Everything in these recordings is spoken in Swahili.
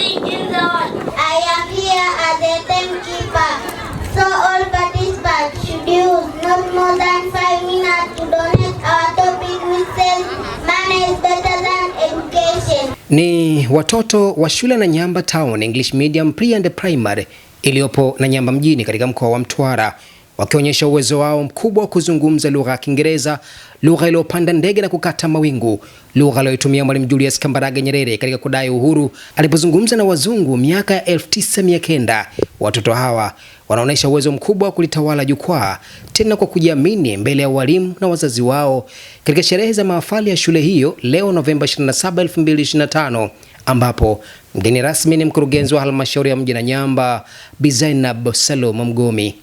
sing in the I am here as a timekeeper. So all participants should use not more than five minutes to donate our topic better than education. Ni watoto wa shule na Nyamba Town English Medium Pre and Primary iliyopo na Nyamba mjini katika mkoa wa Mtwara wakionyesha uwezo wao mkubwa wa kuzungumza lugha ya Kiingereza, lugha iliyopanda ndege na kukata mawingu, lugha aliyoitumia Mwalimu Julius Kambarage Nyerere katika kudai uhuru alipozungumza na wazungu miaka ya 1900. Watoto hawa wanaonyesha uwezo mkubwa wa kulitawala jukwaa, tena kwa kujiamini mbele ya walimu na wazazi wao katika sherehe za mahafali ya shule hiyo leo Novemba 27, 2025 ambapo mgeni rasmi ni mkurugenzi wa halmashauri ya mji Nanyamba Bi Zainab Salum Mgomi.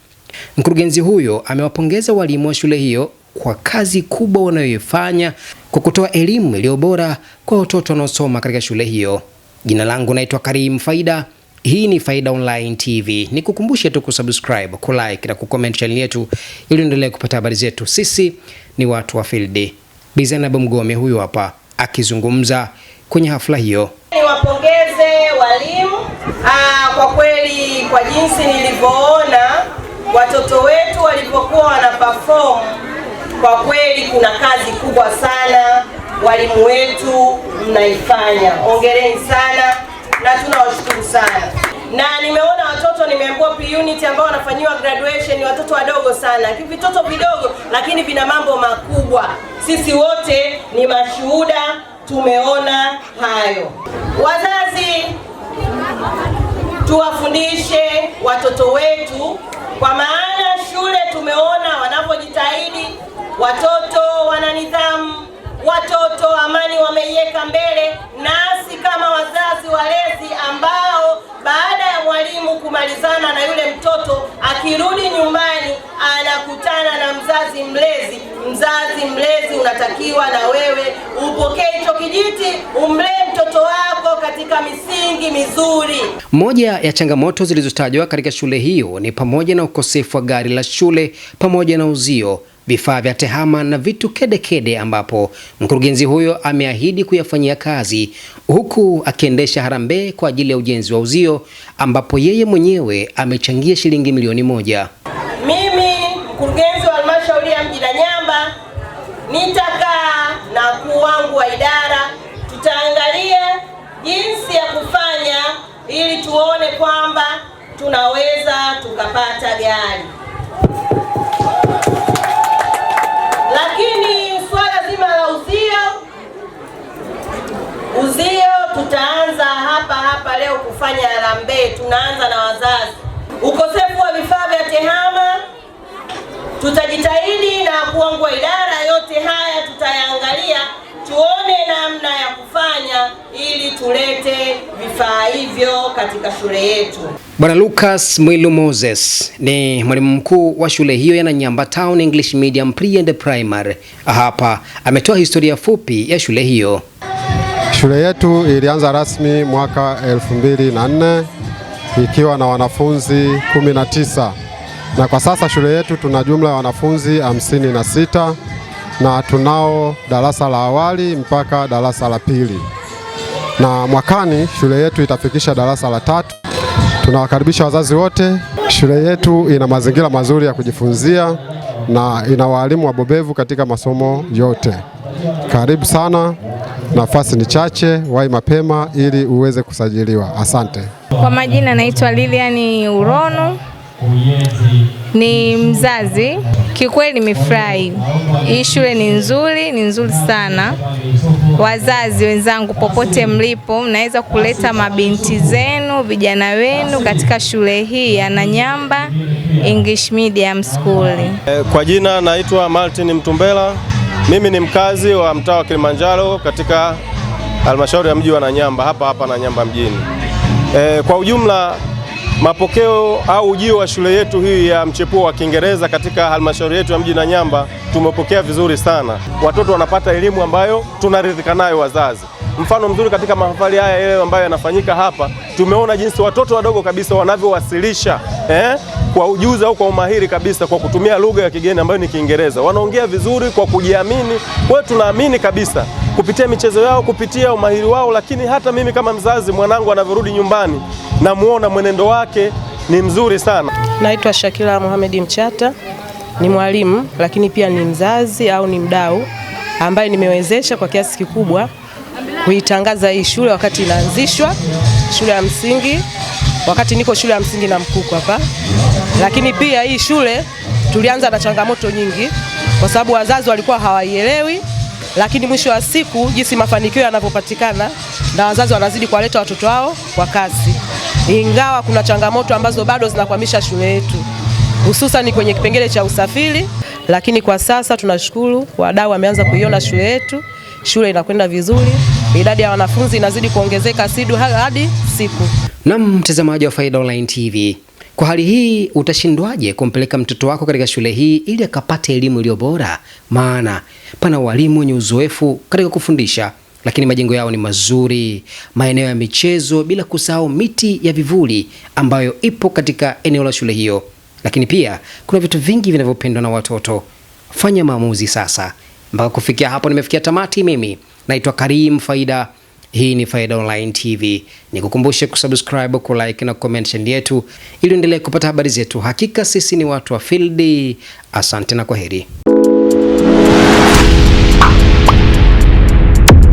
Mkurugenzi huyo amewapongeza walimu wa shule hiyo kwa kazi kubwa wanayoifanya kwa kutoa elimu iliyo bora kwa watoto wanaosoma katika shule hiyo. Jina langu naitwa Karim Faida. Hii ni Faida Online TV. Nikukumbushe tu kusubscribe, kulike na kucomment channel yetu ili uendelee kupata habari zetu. Sisi ni watu wa field. Bizanab Mgome huyu hapa akizungumza kwenye hafla hiyo. Niwapongeze walimu ah, kwa kweli, kwa jinsi nilivyoona watoto wetu walipokuwa wana perform, kwa kweli kuna kazi kubwa sana walimu wetu mnaifanya. Ongereni sana na tunawashukuru sana na nimeona watoto nimeambiwa P unit ambao wanafanyiwa graduation ni watoto wadogo sana, vitoto vidogo lakini vina mambo makubwa. Sisi wote ni mashuhuda, tumeona hayo. Wazazi, tuwafundishe watoto wetu kwa maana shule tumeona wanapojitahidi, watoto wana nidhamu, watoto amani wameiweka mbele, nasi kama wazazi walezi, ambao baada ya mwalimu kumalizana na yule mtoto akirudi nyumbani anakutana mzazi mlezi. Mzazi mlezi unatakiwa na wewe upokee hicho kijiti, umlee mtoto wako katika misingi mizuri. Moja ya changamoto zilizotajwa katika shule hiyo ni pamoja na ukosefu wa gari la shule pamoja na uzio vifaa vya tehama na vitu kedekede kede, ambapo mkurugenzi huyo ameahidi kuyafanyia kazi huku akiendesha harambee kwa ajili ya ujenzi wa uzio ambapo yeye mwenyewe amechangia shilingi milioni moja. nitakaa na mkuu wangu wa idara, tutaangalia jinsi ya kufanya ili tuone kwamba tunaweza tukapata gari. Lakini swala zima la uzio, uzio tutaanza hapa hapa leo kufanya harambee. Tunaanza na wazazi. Ukosefu wa vifaa vya TEHAMA tutajitahidi na wakuu wangu wa idara yote haya tutayaangalia, tuone namna ya kufanya ili tulete vifaa hivyo katika shule yetu. Bwana Lucas Mwilu Moses ni mwalimu mkuu wa shule hiyo ya Nanyamba Town English Medium Pre and Primary. Hapa ametoa historia fupi ya shule hiyo. Shule yetu ilianza rasmi mwaka 2004 ikiwa na wanafunzi 19 na kwa sasa shule yetu tuna jumla ya wanafunzi 56 na na tunao darasa la awali mpaka darasa la pili, na mwakani shule yetu itafikisha darasa la tatu. Tunawakaribisha wazazi wote. Shule yetu ina mazingira mazuri ya kujifunzia na ina walimu wabobevu katika masomo yote. Karibu sana, nafasi ni chache, wahi mapema ili uweze kusajiliwa. Asante. Kwa majina naitwa Lilian Urono ni mzazi. Kiukweli nimefurahi, hii shule ni nzuri, ni nzuri sana. Wazazi wenzangu, popote mlipo, mnaweza kuleta mabinti zenu, vijana wenu katika shule hii ya Nanyamba English Medium School. Eh, kwa jina naitwa Martin Mtumbela, mimi ni mkazi wa mtaa wa Kilimanjaro katika halmashauri ya mji wa Nanyamba, hapa hapa Nanyamba mjini. E, kwa ujumla Mapokeo au ujio wa shule yetu hii ya mchepuo wa Kiingereza katika halmashauri yetu ya mji Nanyamba tumepokea vizuri sana. Watoto wanapata elimu ambayo tunaridhika nayo wazazi. Mfano mzuri katika mahafali haya yale ambayo yanafanyika hapa, tumeona jinsi watoto wadogo kabisa wanavyowasilisha eh, kwa ujuzi au kwa umahiri kabisa kwa kutumia lugha ya kigeni ambayo ni Kiingereza. Wanaongea vizuri kwa kujiamini. Kwa tunaamini kabisa kupitia michezo yao, kupitia umahiri wao, lakini hata mimi kama mzazi, mwanangu anavyorudi nyumbani namuona mwenendo wake ni mzuri sana. Naitwa Shakila Mohamed Mchata, ni mwalimu lakini pia ni mzazi au ni mdau ambaye nimewezesha kwa kiasi kikubwa kuitangaza hii shule wakati inaanzishwa, shule ya msingi, wakati niko shule ya msingi na Mkuku hapa. Lakini pia hii shule tulianza na changamoto nyingi, kwa sababu wazazi walikuwa hawaielewi, lakini mwisho wa siku jinsi mafanikio yanavyopatikana na wazazi wanazidi kuwaleta watoto wao kwa kasi ingawa kuna changamoto ambazo bado zinakwamisha shule yetu hususan kwenye kipengele cha usafiri, lakini kwa sasa tunashukuru wadau wameanza kuiona shule yetu, shule inakwenda vizuri, idadi ya wanafunzi inazidi kuongezeka sidu hadi siku. nam mtazamaji wa Faida Online TV, kwa hali hii utashindwaje kumpeleka mtoto wako katika shule hii ili akapate elimu iliyo bora? Maana pana walimu wenye uzoefu katika kufundisha lakini majengo yao ni mazuri, maeneo ya michezo, bila kusahau miti ya vivuli ambayo ipo katika eneo la shule hiyo. Lakini pia kuna vitu vingi vinavyopendwa na watoto. Fanya maamuzi sasa. Mpaka kufikia hapo nimefikia tamati. Mimi naitwa Karim Faida. Hii ni Faida Online TV. Nikukumbushe kusubscribe, like na comment yetu ili uendelee kupata habari zetu. Hakika sisi ni watu wa field. Asante na kwaheri.